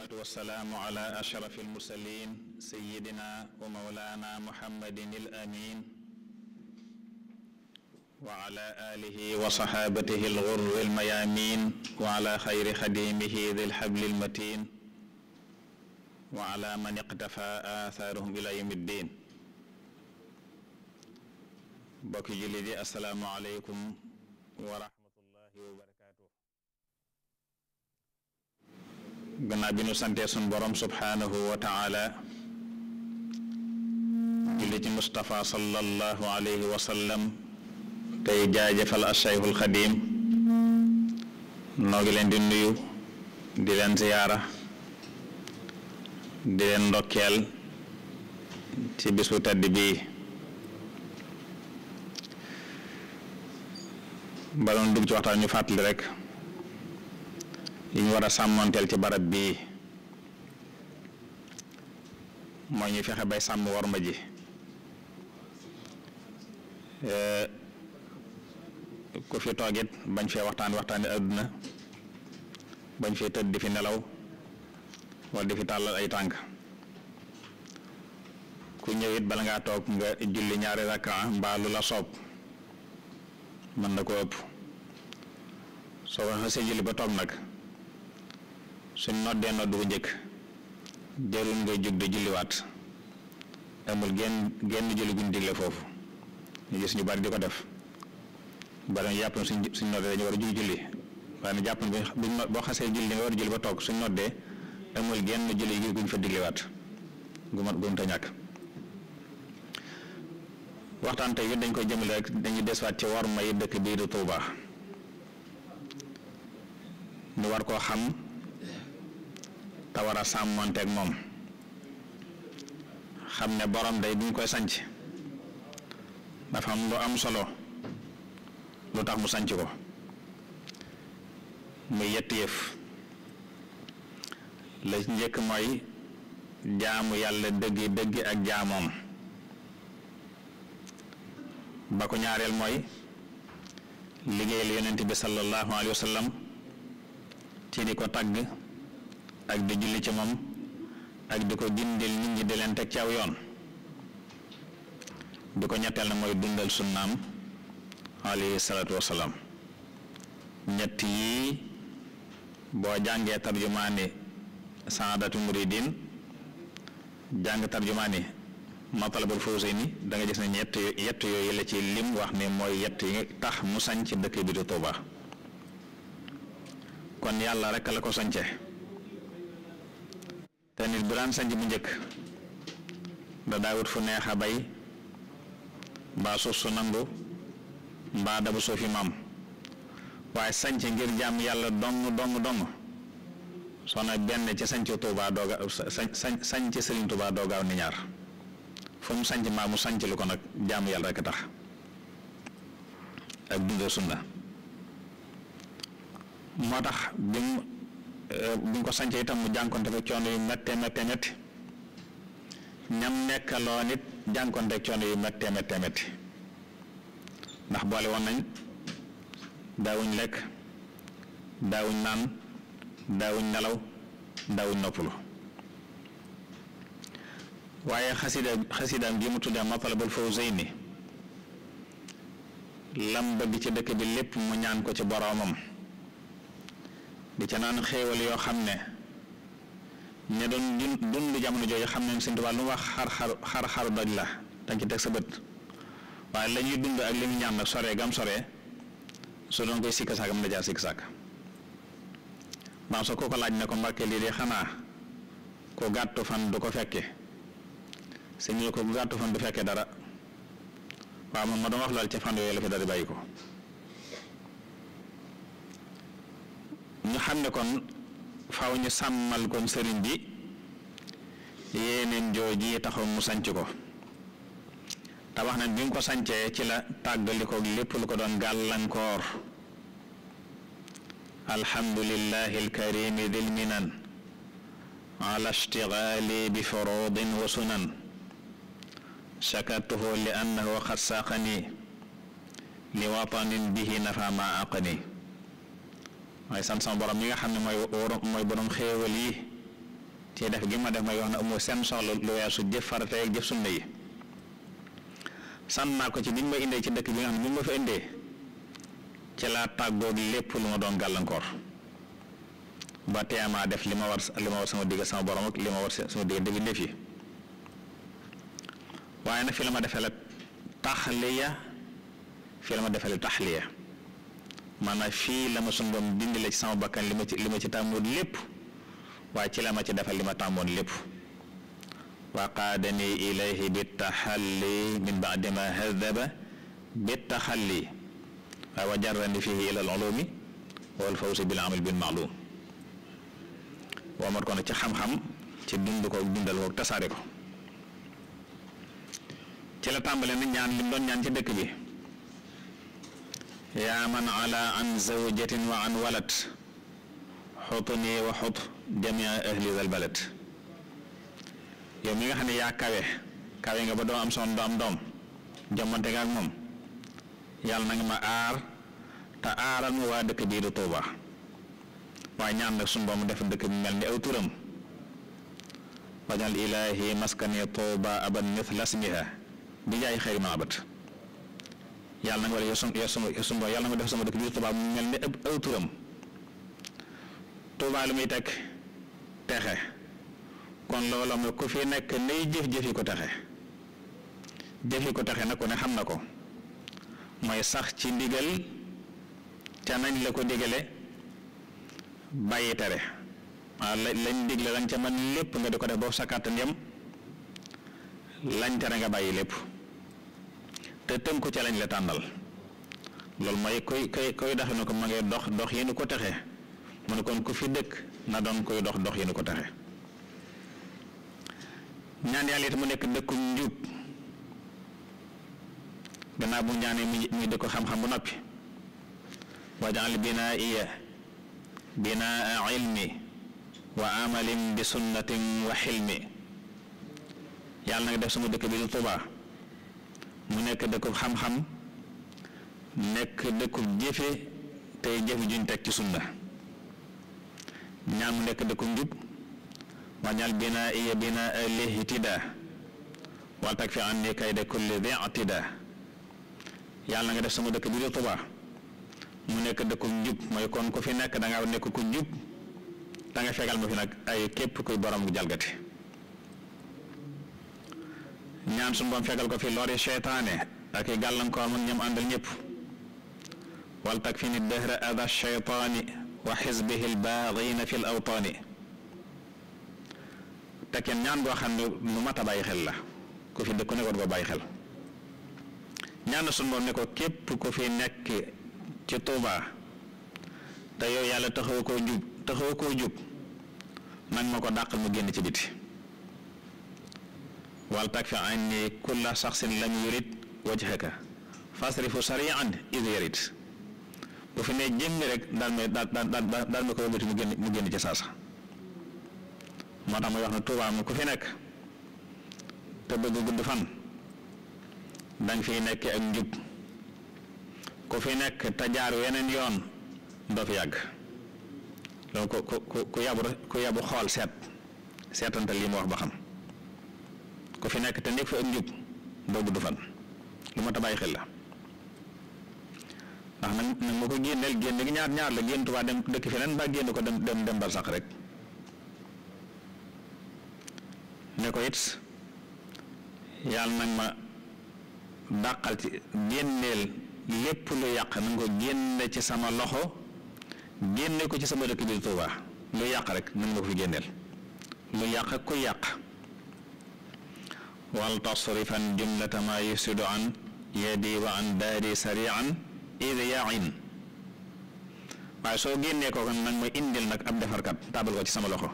والصلاة والسلام على أشرف المرسلين سيدنا ومولانا محمد الأمين وعلى آله وصحابته الغر الميامين وعلى خير خديمه ذي الحبل المتين وعلى من اقتفى آثارهم إلى يوم الدين بك جلدي السلام عليكم ورحمة الله وبركاته gannaaw bi nu santee borom subhaanahu wa taala julli ci Mustafa sallallahu alayhi wa sallam tey jaajëfal ashaykhul xadim noo ngi leen di nuyu di leen ziyaara di leen ndokkeel ci bisu tedd bii baloon dugg ci waxtaan ñu fàttali rekk liñ war a sàmmoonteel ci barab bii mooy ñu fexe bay sàmm warma ji eh, ku fi toogit bañ fee waxtaan waxtaani àdduna bañ fee tëdd di fi nelaw wala di fi tàllal ay tànk ku ñëwit bala ngaa toog nga julli ñaari rakkaa mbaa lu la soob mën na ko ëpp soo ko xasee julli ba toog nag suñ noddee nodd bu njëkk jarul ngay jóg de julliwaat amul genn genn julli guñ digle foofu ñu gis ñu bari di ko def bari na jàpp na suñ suñ noddee dañu war a julli julli waaye na jàpp na buñ boo xasee julli nga war ba toog suñ noddee amul genn julli gi guñ fa digliwaat gu mat gumta ñàkk waxtaan te tey dañ koy jëmale rek dañuy deswaat ci war may dëkk bii di Tuuba ñu war koo xam te war a sàmmonteeg moom xam ne borom day duñ koy sanc dafa am lu am solo lu tax mu sanc ko muy yett yëf la njëkk mooy jaamu yàlla dëggi dëggi ak jaamoom ba ko ñaareel mooy liggéeyal yonent bi sallallahu alayhi wa ci di ko tagg ak di julli ci moom ak di ko gindil nit ñi di leen teg ci aw yoon di ko ñetteel na mooy dundal sunnaam alayhi salaatu wasalaam ñett yii boo jàngee tarjumaani saadatu muridin jàng tarjumaani matalabul fawzayni da danga gis ne ñett yett yooyu la ci lim wax ne mooy yett yi tax mu sañ ci dëkk bi di Tuuba kon yàlla rekk la ko sañce te nit bu daan sanc bu njëkk da daawut fu neex a bay mbaa suuf su nangu mbaa dabu suufi maam waaye sanc ngir jàmm yàlla dong dong dong soxna benn ci sanc Tuubaa dooga sanc sanc Sëriñ Tuubaa doogaaw ñaar fu mu sanc maa ko nag jàmm yàlla rekk tax ak dundal sunna moo tax bi mu bu ñu ko sancee itam mu jànkonte ko coono yu méttee méttee métti ñam nekkaloo nit jànkonte coono yu méttee méttee ndax boole woon nañ daawuñ lekk daawuñ naan daawuñ nelaw daawuñ noppalu waaye xasida xasidaam gi mu tuddee Matlabul Fawzayni lam bëgg ci dëkk bi lépp mu ñaan ko ci boroomam di ca naan xéewal yoo xam ne ñe doon dund jamono jooju xam ne Sëñ Tuubaa lu mu wax xar-xar doj la danga ci teg sa bët waaye lañuy ñuy dund ak li mu ñaan sore gam sore su doon koy sikk sàkk mën na jaar sikk sàkk maam soo ko ko laaj ne ko Mbàkke lii de xanaa ko gàttu fan du ko fekke sëñ ko gàttu fan du fekkee dara waaw moom ma doon wax lool ca fan yooyu la fi dara bàyyi ko ñu xam ne kon faw ñu sàmmal kon sëriñ bi yéeneen jooji taxaw mu sanc ko te wax nañ ko sancee ci la tàggalikook lépp lu ko doon gàllankoor alhamdulillahi alkarimi dil minan ala ishtigali bi furudin wa sunan shakartuhu li annahu qad saqani li watanin bihi nafa ma aqani may sant sama borom mi nga xam ne mooy waroom mooy borom xéewal yi ci def gi ma def may wax amoo seen soxla lu weesu jëf farata ak jëf sunna yi sant naa ko ci ni ma indee ci dëkk bi nga xam ne ma fa indee ci laa tàggoog lépp lu ma doon gàllankoor ba teemaa def li ma war li ma war sama digg sama borom li ma war sama digg dëgg ndef yi waaye nag fi la ma defee la taxliya fi la ma defee la taxliya maanaam fii la ma sunu doom dindi la ci sama bakkan li ma ci li ma ci tàmmoon lépp waaye ci la ma ci defal li ma tàmmoon lépp wa qaadani ilayhi bittaxalli min baadi ma hadaba bittaxalli waaye wa jarrani fihi ila alulumi wal fawsi ko nag ci xam-xam ci dund ko dundal ko tasaare ko ci la tàmbale na ñaan li mu doon ñaan ci dëkk bi yaa man ala an zawjatin wa an walad xutni wa xut jamia ahli zal balad yow mi nga xam ne yaa kawe kawe nga ba doo am soxna doo am doom jomante nga moom yàlla na ma aar te aaral ma waa dëkk bii di Tuuba waaye ñaan nag suñu boom def dëkk bi mel ni aw turam wajal ilaahi maskani Tuuba aban mithla ismiha bi jaay xayri ma yàlla na nga war a yor sama yor sama yàlla na nga def biir Tuubaa mu mel ne ëpp aw turam Tuubaa lu muy teg texe kon loolu mooy ku fi nekk nay jëf jëfi ko texe jëfi ko texe nag ko ne xam na ko mooy sax ci ndigal ca nañ la ko digale bàyyi tere la lañ digle lañ ca man lépp nga di ko def boobu sa kàttan yam lañ tere nga bàyyi lépp te tënku ca lañ la tàndal loolu mooy koy koy koy doxe ne ko ma ngay dox dox yi nu ko texe mu kon ku fi dëkk na doon koy dox dox yi ko texe ñaan yàlla it mu nekk dëkku njub gannaaw bu ñaanee muy muy dëkku xam-xam bu noppi wajal binaa iya binaa ilmi wa amalin bi sunnatin wa xilmi yàlla na nga def sama dëkk bi di Tuubaa mu nekk dëkkub xam nekk dëkkub jëfe tey jëfe juñ teg ci sunna ñaar mu nekk dëkkub njub wañal binaa iya binaa alihi tidaa fi an ni kay de kulli bi atidaa yàlla def sama dëkk bi di Tubaa mu nekk dëkkub njub mooy kon ku fi nekk da nekk ko njub da nga fegal ma fi nag ay képp kuy borom jalgati ñaan suñu boom fegal ko fi lori seytaane ak i gàllankoor ak ñoom àndal ñëpp wal tak fi ni dëhra ada seytaani wa xisbihi albaadina fi l awtaani te kenn ñaan goo xam ne lu mat a bàyyi xel la ku fi dëkku nekkoon ko bàyyi xel ñaan na suñu boom ne ko képp ku fi nekk ci Tuubaa te yow yàlla taxaw ko jub taxaw koo jub man ma ko dàqal mu génn ci biti wal takfi anni kulla shaxsin lam yurid wajhaka fasrifu sarian is yarid bu fi ne jëmmi rek daal may daal ma ko wëngati mu génn mu génn ca saasa moo tax may wax ne Tuubaa mu ku fi nekk te bëgg gudd fan danga fiy nekk ak njub ku fi nekk te jaar weneen yoon doo fi yàgg donc ku ku ku yabu ku yabu xool seet seetante lii mu wax ba xam ku fi nekk te nekk fi ak njub doo gudd fan lu ma ta bàyyi xel la ndax nag nag ma ko génneel génn gi ñaar ñaar la génn Tuubaa dem dëkk feneen ba génn ko dem dem dem bar sax rek ne ko it yàlla nag ma dàqal ci génneel lépp lu yàq na nga ko génne ci sama loxo génne ko ci sama dëkk bi Tuubaa yàq rek na nga ko fi génneel lu yàq ku yàq wal tasrifan jumlata maa yufsidu an yadi wa waaye soo génnee ko nag mooy indil nag ab defarkat tàbbal ko ci sama loxo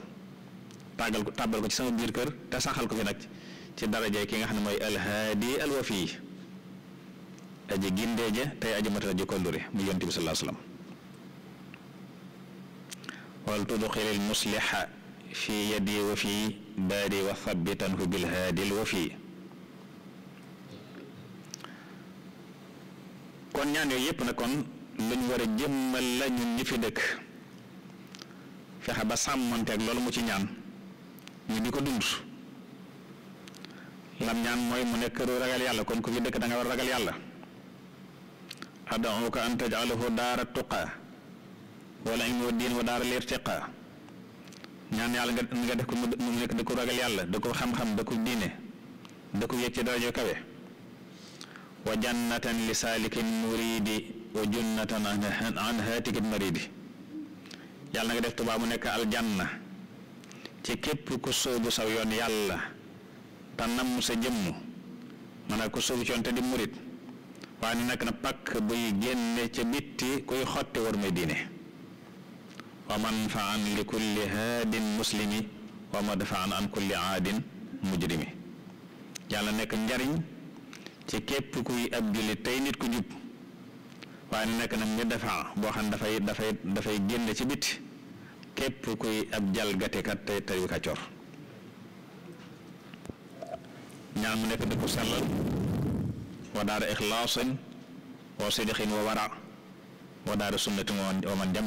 tàggal ko tàbbal ci sama biir kër te saxal ko fi nag ci daraje ki nga xam ne mooy alhaadi alwafi aji gindeeje tey aji matal aji kollure mu yonent bi sallallahu alayhi wa sallam wal tudxilil fi yadi wa baari wax fabbitanhu bil haadil wafi kon ñaan yooyu yëpp na kon luñ war a jëmmal la ñun ñi fi dëkk fexe ba sàmmante ak loolu mu ci ñaan ñu di ko dund lam ñaan mooy mu nekk këru ragal yàlla kon ko fi dëkk dangay nga war ragal yàlla ad'uka an taj'alahu daara tuqa wala ilmi wa diin wa daara lirtiqa ñaan yàlla nga nga def ko mu nekk da ko ragal yàlla da ko xam-xam da ko diine da ko yëg ci darajo kawe wa jannatan li saalikin muridi wa junnatan an haatikin maridi yàlla na nga def Tuubaa mu nekk aljanna ci képp ku sóobu saw yoon yàlla te namm sa jëmm maanaam ku sóobu ci yoon te di murit waaye nag na pàkk buy génne ca bitti kuy xotti war may diine wa man faan li kulli haadin muslimi wa madfaan an kulli aadin mujrimi yàlla nekk njariñ ci képp kuy ab jullit tey nit ku jub waaye nekk nag ñu defaa boo xam dafay dafay dafay génn ci bit képp kuy ab mu nekk dëkku sellal wa daara ixlaasin wa sidixin wa wara wa daara sunnatin wa man jam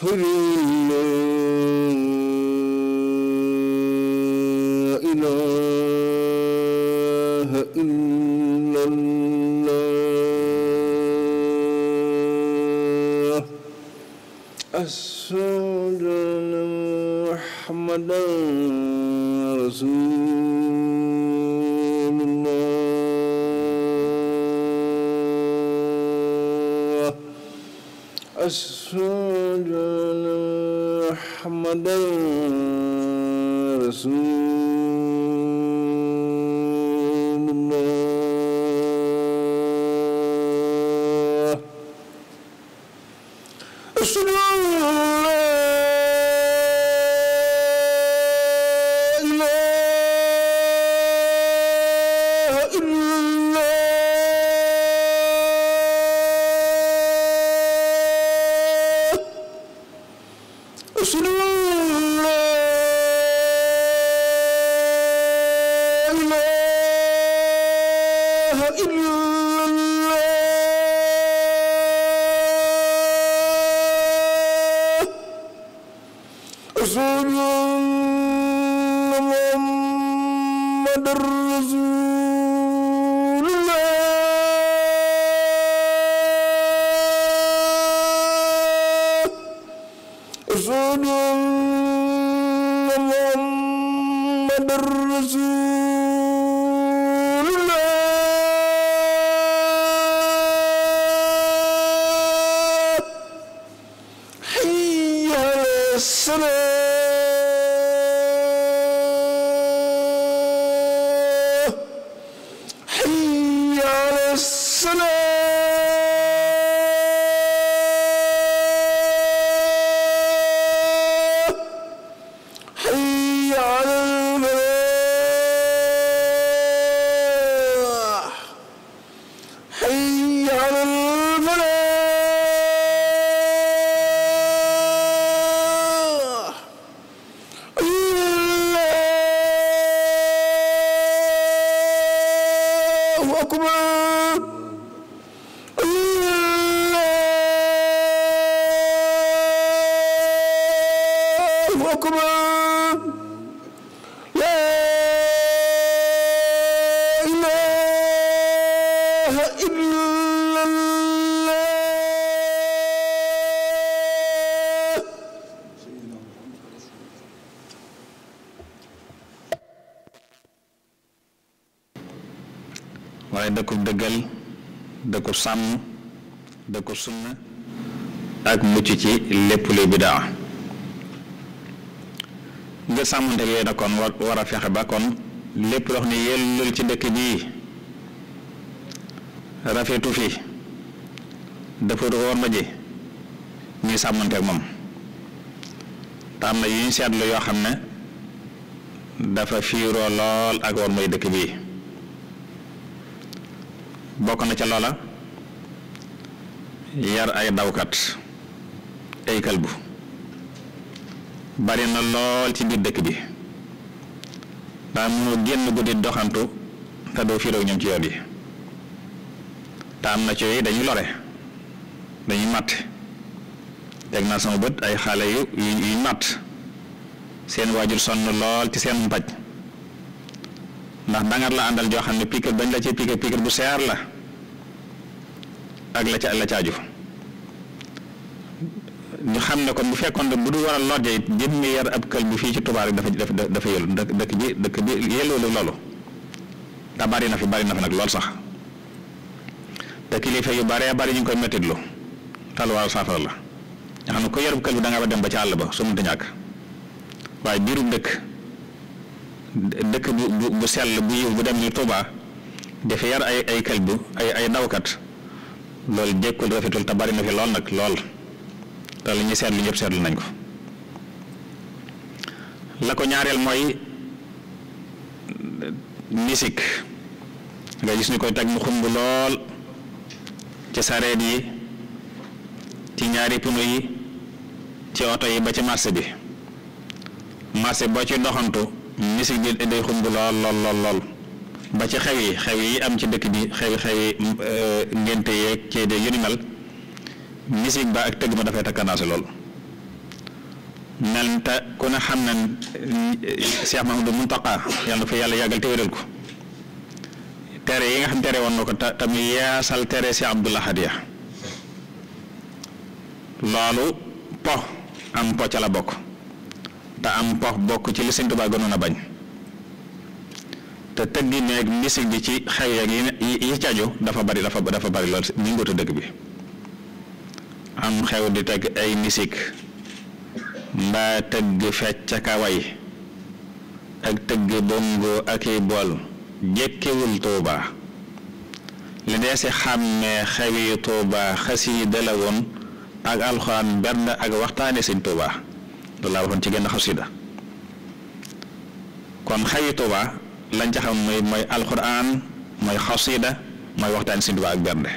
소리 أشهد أن waaye da ko dëggal da ko sàmm da ko sunna ak mucc ci lépp luy bidaa ngir sàmmante yooyu kon war a fexe ba kon lépp loo xam ne yellul ci dëkk bii rafetu fi dafa war muy ji moom te am na yu ñu seetlu yoo xam ne dafa fiiroo lool ak war dëkk bii bokk na ca loola yar ay dawkat ay kalbu bari na lool ci biir dëkk bi daa mënoo génn guddi doxantu te doo fiiroog ñoom ci yoon yi te am na ci dañuy lore dañuy màtt teg naa sama bët ay xale yu yuy màtt seen waajur sonn lool ci seen mbaj ndax dangar la àndal joo xam ne piqûre bañ la ci piqûre piqûre bu seer la ak la ca la caaju ñu xam ne kon bu fekkoon ne bu du war a lodge it jëm yar ab kël bu fii ci Tuubaa rek dafa dafa dafa yëlu dëkk ji dëkk bi yelloolu loolu te bari na fi bari na fi nag lool sax te kilifa yu baree bari ñu ngi koy mettitlu taluwaal saafara la nga xam ne ko yarub kël bi danga nga ba dem ba ca àll ba su mënta ñàkk waaye biiru dëkk dëkk bu bu sell bu dem ni Tuubaa dafa yar ay ay kël bu ay ay dawkat loolu jékkul rafetul te bari na fi lool nag lool te li ñuy seetlu ñëpp seetlu nañ ko la ko ñaareel mooy misik nga gis ñu koy teg mu xumb lool ci sareet yi ci ñaari punu yi ci oto yi ba ci marché bi marché boo ci doxantu misik bi day xumb lool lool lool lool ba ci xew yi xew yi am ci dëkk bi xew xew yi euh, ngénte yeeg ceede yu ni mel musique ba ak tëgg ma dafay takkanaase lool mel te ku ne xam na euh, Cheikh Mahamadou Muntaqa yàlla fa yàlla yàggal te ko tere yi nga xam tere woon na ko te mu yeesal tere si Abdoul Ahad ya loolu po am po ca la bokk te am po bokk ci li Sëñ Tuubaa gënoon a bañ te tëggi neeg misi gi ci xay ak yi caju dafa bari dafa dafa bari lool ni ngootu dëkk bi am xew di teg ay misik mbaa tëgg fecc ak ak tëgg bongo ak i bool jekkiwul tuuba li dee si xàmmee xewi tuuba xasiida la woon ak alxuraan bernde ak waxtaane sëñ tuuba loolu laa waxoon ci genn xasida kon xewi tuuba lañ ca xam mooy mooy alxuraan mooy xasida mooy waxtaan si ak bernde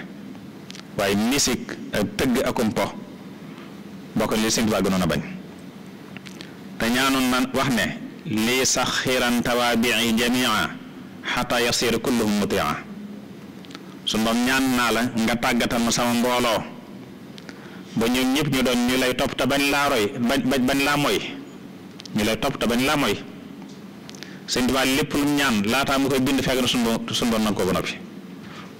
waaye misik ak tëgg akum po bokk li sëñ Tuubaa gënoon a bañ te ñaanoon na wax ne lii sax xiran tawaabii jamia xata yasir kulluhum mutia su ndoom ñaan naa la nga tàggatal ma sama mbooloo ba ñoom ñëpp ñu doon ñu lay topp te bañ laa roy bañ bañ laa moy ñu lay topp te bañ laa moy sëñ Tuubaa lépp lu ñaan laataa mu koy bind fekk na sunu sunu doon nag ko ba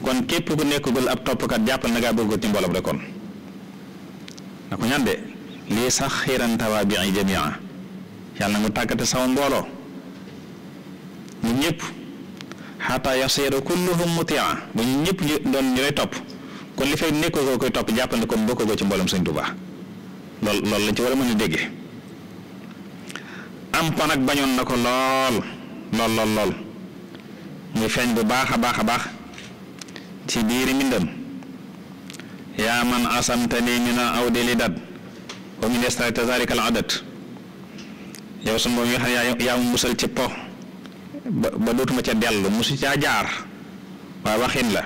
kon képp ku nekkagul ab toppkat jàppal na ngaa bëgg ci mboolam rek kon ko sax xiiran tawaabi jamia na mu tàggate sama mbooloo ñun ñëpp xataa yasiru kulluhum mutia ba ñun ñëpp ñu doon topp kon li fay nekkagoo koy topp jàppal ne kon bokkagoo ci mboolam sëñ Tuubaa lool loolu lañ ci war a mën a déggee am pan bañoon na ko lool. lool lool lool muy feeñ bu baax a baax a baax ci biiri mbindam yaa man asamtani min awdi li dat wa min istata zarika al adat yow sunu boom yaa mu musal ci po ba dootuma ca dellu musu caa jaar waaye waxin la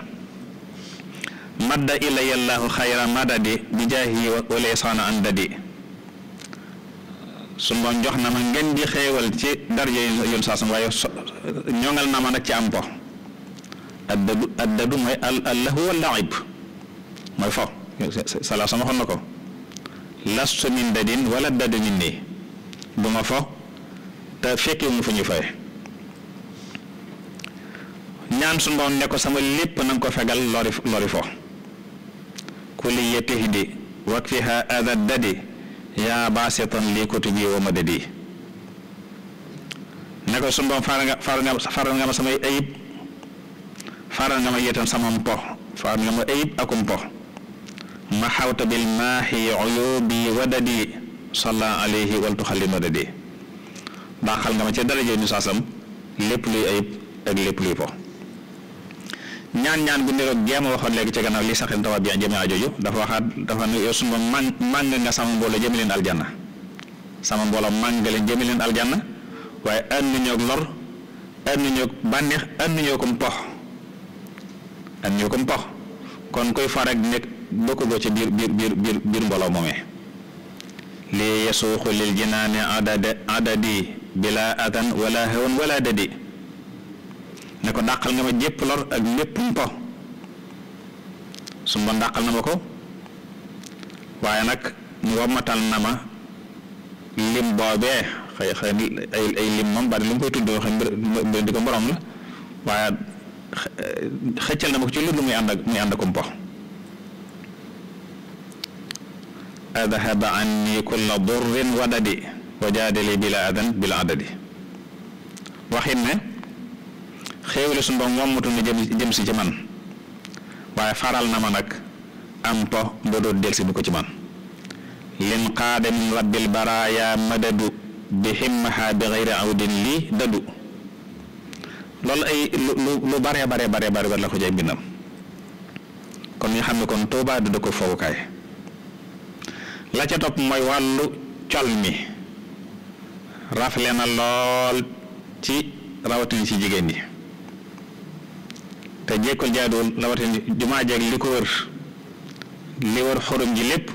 madda ilayallahu xayra madadi bi jaahi wa laysaana andadi su jox na ma ngeen di xéewal ci darja yoon saasam waaye ñoŋal na ma nag ci am ko addadu addadu mooy allahu wa laib mooy fo sala sama xon na ko lastu min dadin wala dadu min nii du fo te fekkewu mu fu ñu fay ñaan su ne ko sama lépp na ko fegal lori lori fo kulli yatihdi wakfiha adad dadi yaa baasitan lii kutiji wa madadi ne ko sumbam faral nga faral nga ma samay ayib faral nga ma yetam samam po faral nga ma ayib akum po ma xawta bil maaxi uyubi wadadi salla alayhi waltu xalli madadi daaxal nga ma ca daraje nu saasam lépp luy ayib ak lépp luy po ñaan ñaan gu niroog jéem a waxoon léegi ca gannaaw li saxin tawa bi jëme jooju dafa waxaat dafa ne yow sunu man màng nga sama mbooloo jëme leen aljanna sama mbooloo màng nga leen jëme leen aljanna waaye ànd ñoog lor ànd ñoog bànneex ànd ñoo kom pox ànd ñoo kom pox kon koy far ak nekk bokkugoo ci biir biir biir biir biir mbooloo moomee lii yesuuxu lil jinaane adadi bila atan wala hawan wala dadi ne ko dàqal na ma jépp lor ak lépp mpo su ma dàqal na ma ko waaye nag mu wammatal na ma lim boobee xëy xëy ay lim moom bari li mu koy tudd xëy mbir di ko borom la waaye xëccal na ma ko ci lu muy ànd ak muy ànd ak mpo adhaba anni kulla durrin wadadi wajaadali bila adan bila adadi waxin ne xéewale suñu borom yommatul na jëm si ci man waaye faral na ma nag am po ba doot del ko ci man lin qaada la rabbil baraaya madadu bi himmaha bi xayri awdin li dadu loolu ay lu lu bare bare bare bare la ko jay kon ñu xam ne kon Tuubaa du ko fowukaay la ca topp mooy wàllu col mi rafle na lool ci rawatina ci jigéen ñi te jekkul jaaduwul rawatina jumaa jeeg li ko wër li wër xorom ji lépp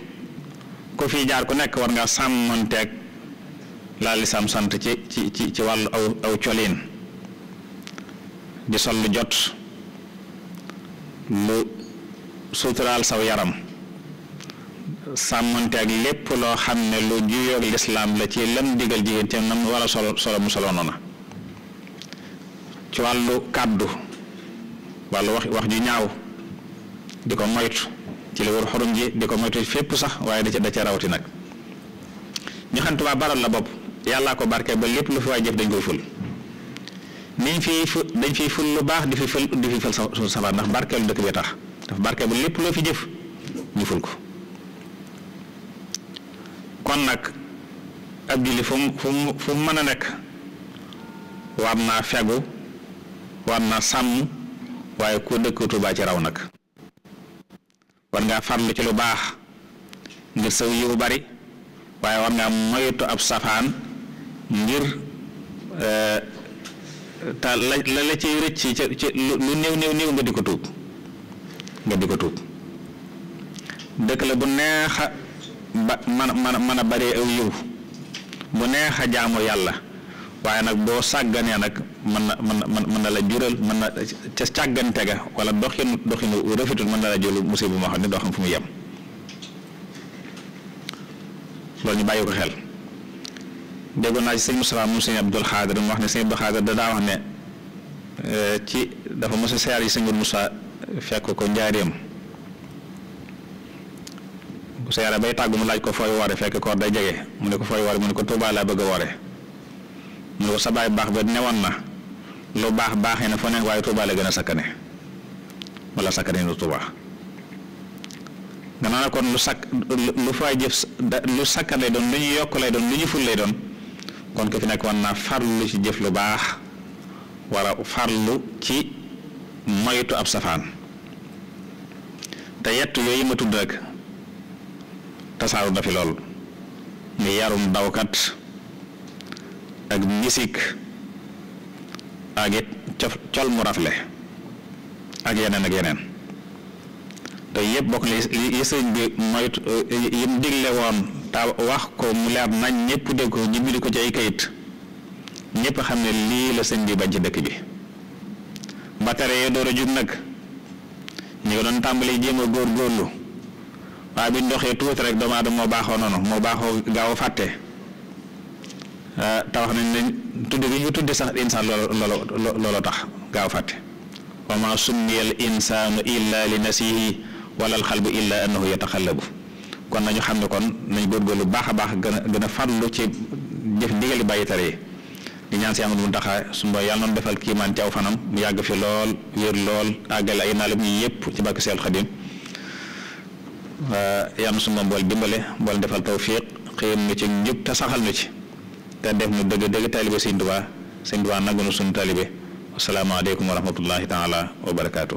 ku fi jaar ku nekk war nga sàmmanteeg laa sam sant ci ci ci ci wàllu aw colin di sol lu jot lu suturaal saw yaram sàmmanteeg lépp loo xam ne lu juyoog lislaam la ci lam digal jigéen ci nam war solo solo mu solo noona ci wàllu kàddu wala wax wax ju ñaaw di ko moytu ci li war xorom ji di ko moytu fépp sax waaye da ca da ca rawati nag ñu xam Tuubaa baral la bopp yàllaa ko barke ba lépp lu fi waay dañ koy ful niñ fi dañ fiy ful lu baax di fi fël di fi fël sa safar ndax barkeelu barke ba lépp loo fi jëf ñu ful ko kon nag ab julli fu mu fu mu mën a nekk war naa fegu war naa sàmm waaye ko dëkk Tuubaa ci raw nag war ngaa farlu ci lu baax ngir saw yiwu bari waaye war ngaa maytu ab safaan ngir eh, ta la la la rëcc ci lu néew néew néew nga di ko tuub nga di ko tuub dëkk la bu neexa ba man a bari aw yiw bu neexa jaamu yàlla waaye nag boo sàgganee nag mën na mën na mën na la jural mën na ca càggante ga wala doxin doxinu rafetul mën na la jural musiba bu ma xam ne doo xam fu mu yem loolu ñu bàyyi ko xel dégg naa ci sëñ Moussa moom sëñ Abdul Xaadir mu wax ne sëñ Abdul Xaadir euh, ci dafa mos a seyaar yi fekk ko njaareem bu seyaaree bay tàggu mu laaj ko fooy woore fekk koor day jege mu ne ko fooy woore mu ne ko Tuubaa laa bëgg a woore lu sa baay baax ba newoon na lu baax baaxee na fa ne waaye Tuubaa gën a sakkane wala sakkane lu Tuubaa gannaaw na kon lu sakk lu faa jëf lu sakkan lay doon lu ñu yokk lay doon lu ñu ful lay doon kon ko fi nekk war naa farlu ci jëf lu baax wala farlu ci moytu ab safaan te yett yooyu ma tudd rek tasaaru dafi lool ni yarum dawkat ak misik ak it col mu rafle ak yeneen ak yeneen te yëpp bokk na yi sëñ bi moytu eh, yim digle woon te wax ko mu leer nañ ñëpp ko ñu ko ci ay kayit ñëpp xam ne lii la sëñ bi bañ ci dëkk bi ba tere yee door a jug nag ñu ko doon tàmbali jéem a góor góorlu waaye bi ndoxee tuuti rek doomu moo baaxoo noonu moo baaxoo gaaw a fàtte Eh, tawax nañ leen tudd gi ñu tudd sax insaan loolu loolu tax gaaw fàtte wa ma summiya al insaanu illa li nasihi wala al xalbu illa annahu yataxallabu kon nañu xam ne kon nañ góorgóorlu baax a baax gën a gën a farlu ci jëf ndigal yi bàyyi tere yi su mba yàlla noonu defal kiimaan ci aw fanam mu yàgg fi lool wér lool àggale ay naalam yi yëpp ci bàkk seel xadim eh, yàlla na mbool dimbale mbool defal tawfiq xëyam na ci njub te saxal na ci te def nu dëgg dëgg taalibe sëñ Tuubaa sëñ Tuubaa nangu nu sunu taalibe asalaamaaleykum wa rahmatullahi taala wa barakaatu.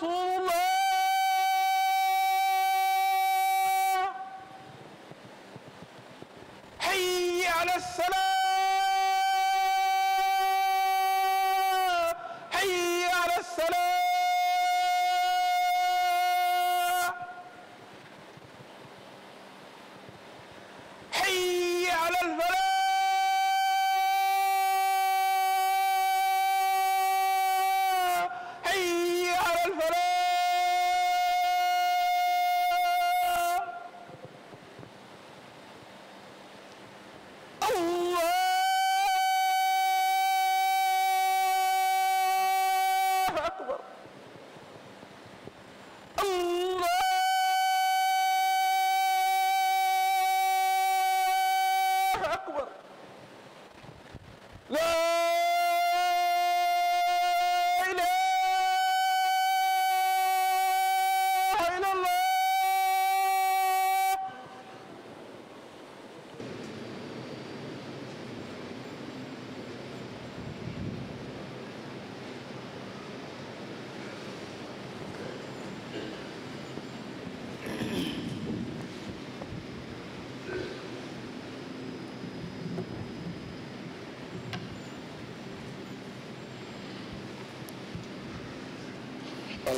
full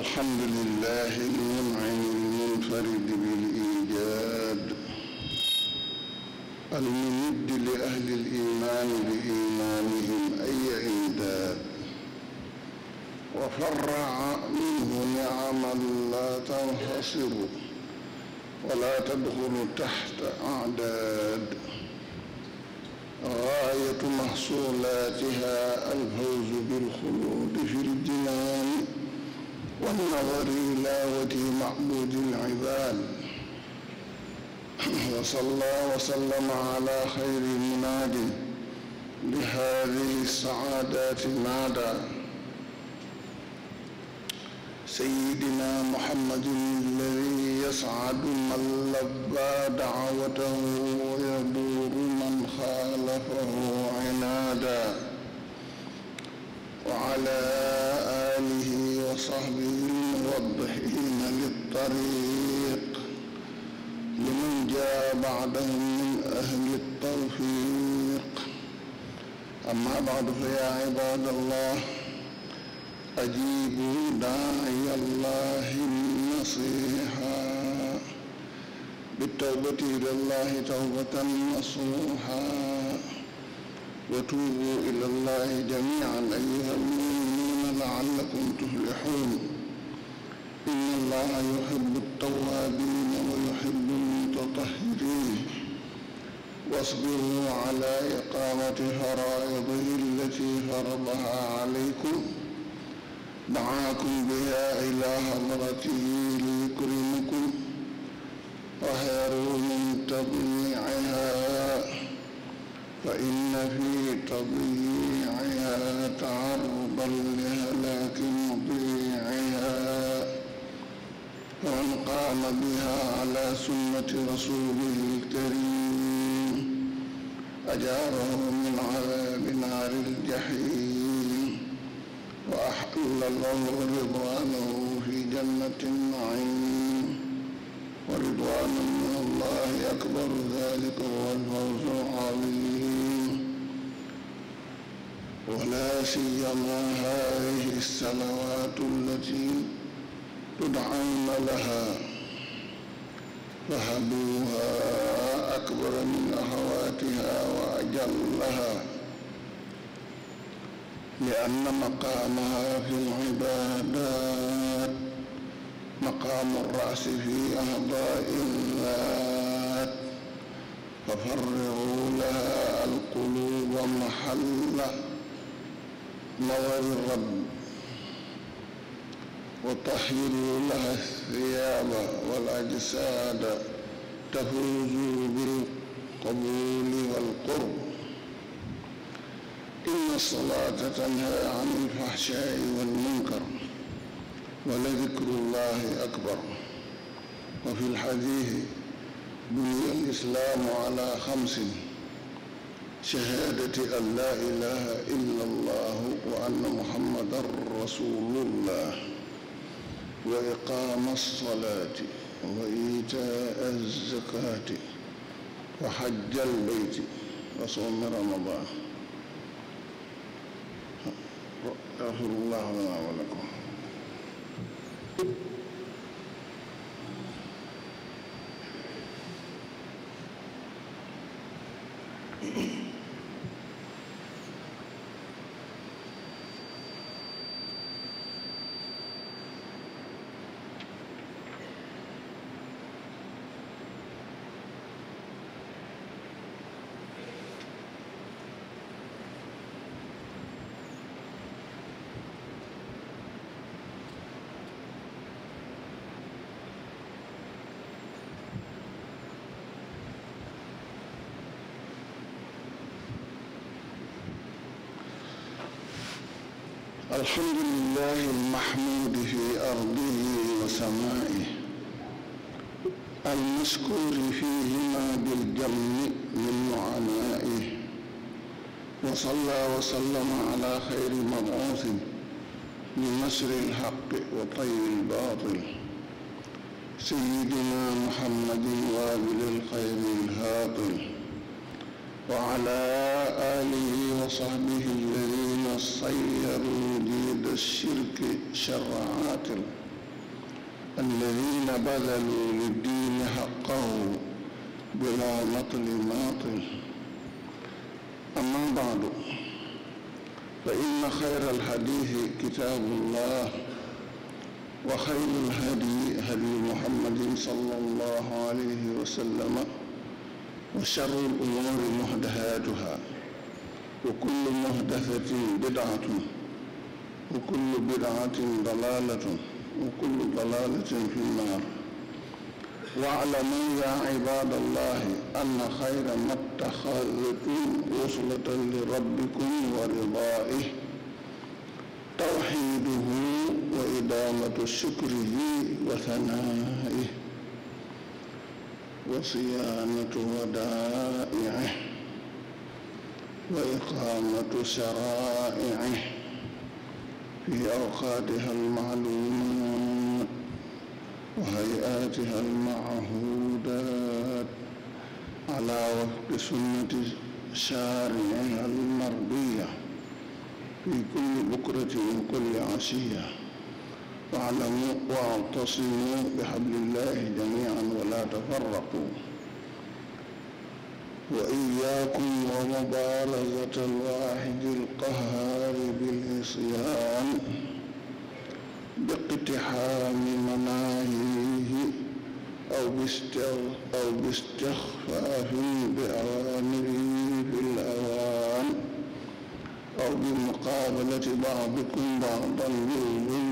الحمد لله المنعم المنفرد بالإيجاد الممد لأهل الإيمان بإيمانهم أي إمداد وفرع منه نعما لا تنحصر ولا تدخل تحت أعداد غاية محصولاتها الفوز بالخلود في الجنان والنظر إلى وجه معبود العباد وصلى وسلم على خير مناد لهذه السعادات نادى سيدنا محمد الذي يسعد من لبى دعوته ويدور من خالفه عنادا وعلى آله وصحبه ووضحهن للطريق لمن جاء بعدهم من أهل التوفيق أما بعد فيا عباد الله أجيبوا داعي الله النصيحة بالتوبة إلى الله توبة نصوحا وتوبوا إلى الله جميعا أيها المؤمنون لعلكم تفلحون inna allaha yuhibbu at-tawwabina wa yuhibbu al-mutatahhirin wasbiru ala iqamati faraidihi allati faradaha alaykum da'akum biha ila hadratihi liyukrimakum وخيروا من تضييعها فإن في تضييعها تعرضا وقام بها على سنة رسوله الكريم أجاره من عذاب نار الجحيم وأحل الله رضوانه في جنة النعيم ورضوان من الله أكبر ذلك هو الفوز العظيم ولا سيما هذه السنوات التي tud'awna lahaa fahabuuhaa akbara min axawaatihaa wa ajallahaa li'anna maqaamahaa fil ibaadaat maqaamu ra'si fii a'daa'i zaat fafarrighuu lahaa al-quluuba mahalla nawaari rabb وطهر لها الثياب والأجساد تفوز بالقبول والقرب إن الصلاة تنهى عن الفحشاء والمنكر ولذكر الله أكبر وفي الحديث بني الإسلام على خمس شهادة أن لا إله إلا الله وأن محمدا رسول الله وإقام الصلاة وإيتاء الزكاة وحج البيت وصوم رمضان غفر الله لنا ولكم الحمد لله المحمود في أرضه وسمائه المشكور فيهما بالجم من نعمائه وصلى وسلم على خير مبعوث لنشر الحق وطيب الباطل سيدنا محمد وابل الخير الهاطل وعلى آله وصحبه الذين صيروا ديد الشرك شر عاقل الذين بذلوا للدين حقه بلا مطل ماطل أما بعد فإن خير الحديث كتاب الله وخير الهدي هدي محمد صلى الله عليه وسلم وشر الأمور محدثاتها وكل محدثة بدعة وكل بدعة ضلالة وكل ضلالة في النار واعلموا يا عباد الله أن خير ما اتخذتم وصلة لربكم ورضائه توحيده وإدامة شكره وثنائه وصيانة ودائعه وإقامة شرائعه في أوقاتها المعلومات وهيئاتها المعهودات على وفق سنة شارعها المرضية في كل بكرة وكل عشية واعلموا واعتصموا بحبل الله جميعا ولا تفرقوا وإياكم ومبارزة الواحد القهار بالعصيان باقتحام مناهيه أو أو باستخفاف بأوامره بالأوان أو بمقابلة بعضكم بعضا بالظلم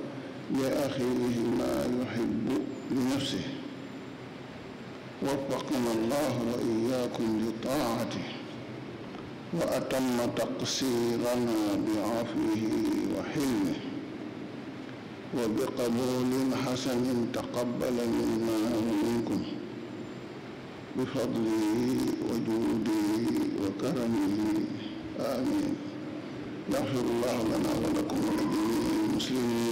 لأخيه ما يحب لنفسه وفقنا الله وإياكم لطاعته وأتم تقصيرنا بعفوه وحلمه وبقبول حسن تقبل منا ومنكم بفضله وجوده وكرمه آمين يغفر الله لنا ولكم ولجميع المسلمين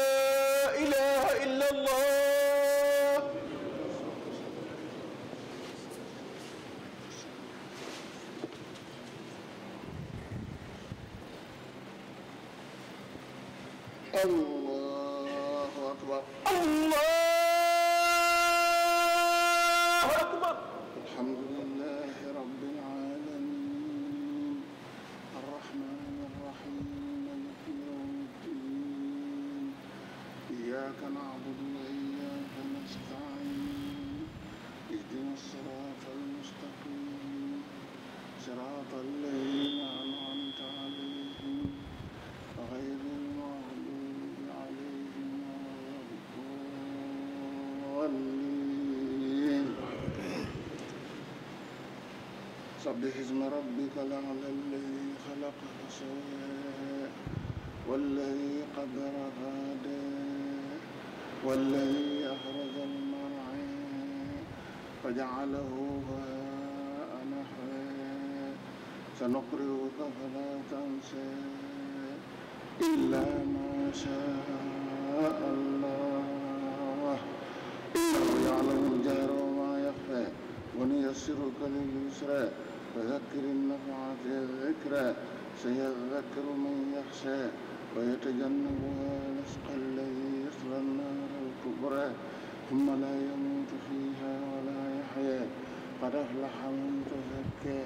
سبح اسم ربك الأعلى الذي خلق فسوى والذي قدر فهدى والذي أخرج المرعى فجعله هاء نحوى سنقرئك فلا تنسى إلا ما شاء الله إنه يعلم الجهر وما يخفى ونيسرك لليسرى فذكر النفعة الذكرى سيذكر من يخشى ويتجنبها الأشقى الذي يصلى النار الكبرى ثم لا يموت فيها ولا يحيا قد أفلح من تزكى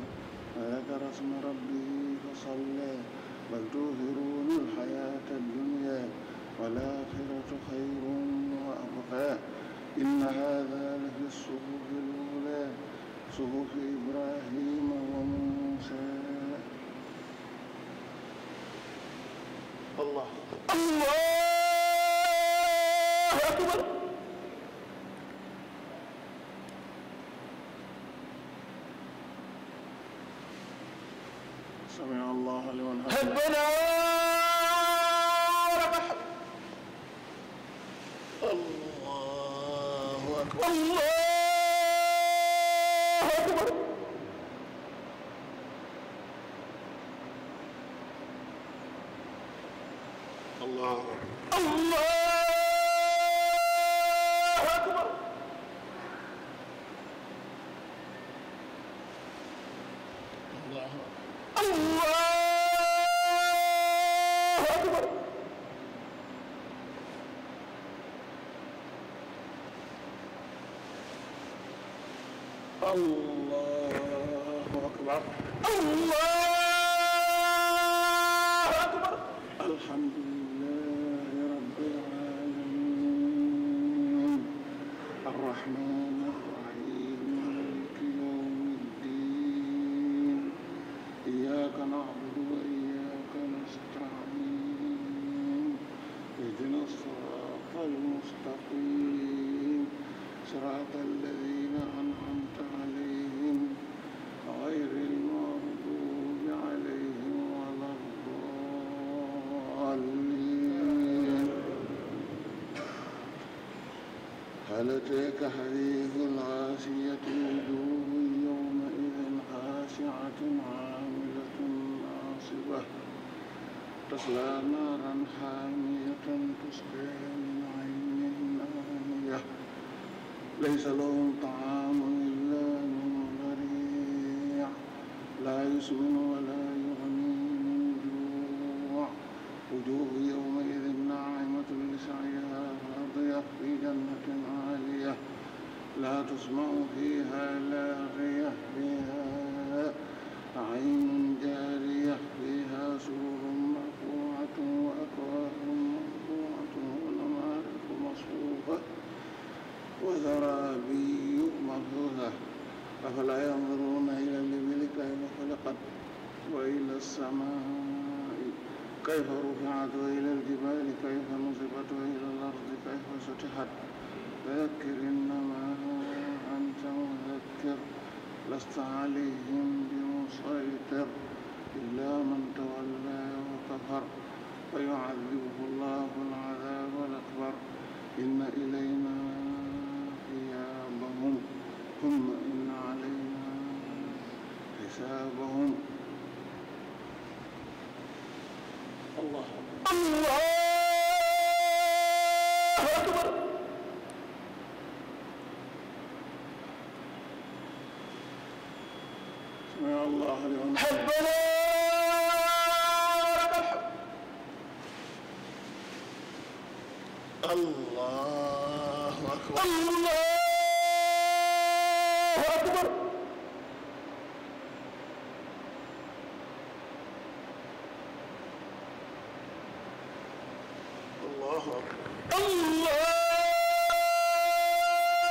وذكر اسم ربه فصلى بل تؤثرون الحياة الدنيا والآخرة خير وأبقى إن هذا لفي الصحف الأولى صحف إبراهيم وموسى الله الله أكبر سمع الله لمن حمده ربنا الله أكبر الله الله أكبر الله أكبر الله أكبر الله أتاك حديث العاسية وجوه يومئذ خاشعة عاملة ناصبة تصلى نارا حامية تسقى من عين آنية ليس لهم طعام إلا من ضريع لا يسمن ولا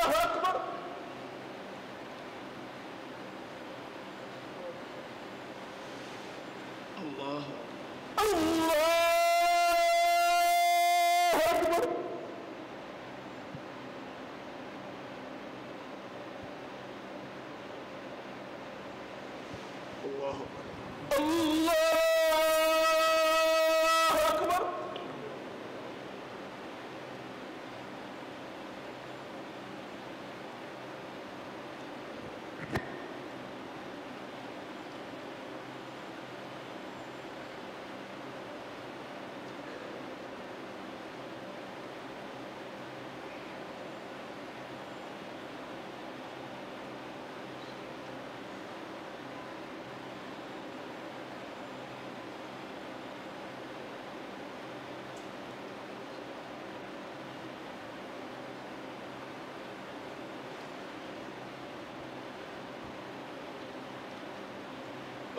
allahu akbar allah allah akbar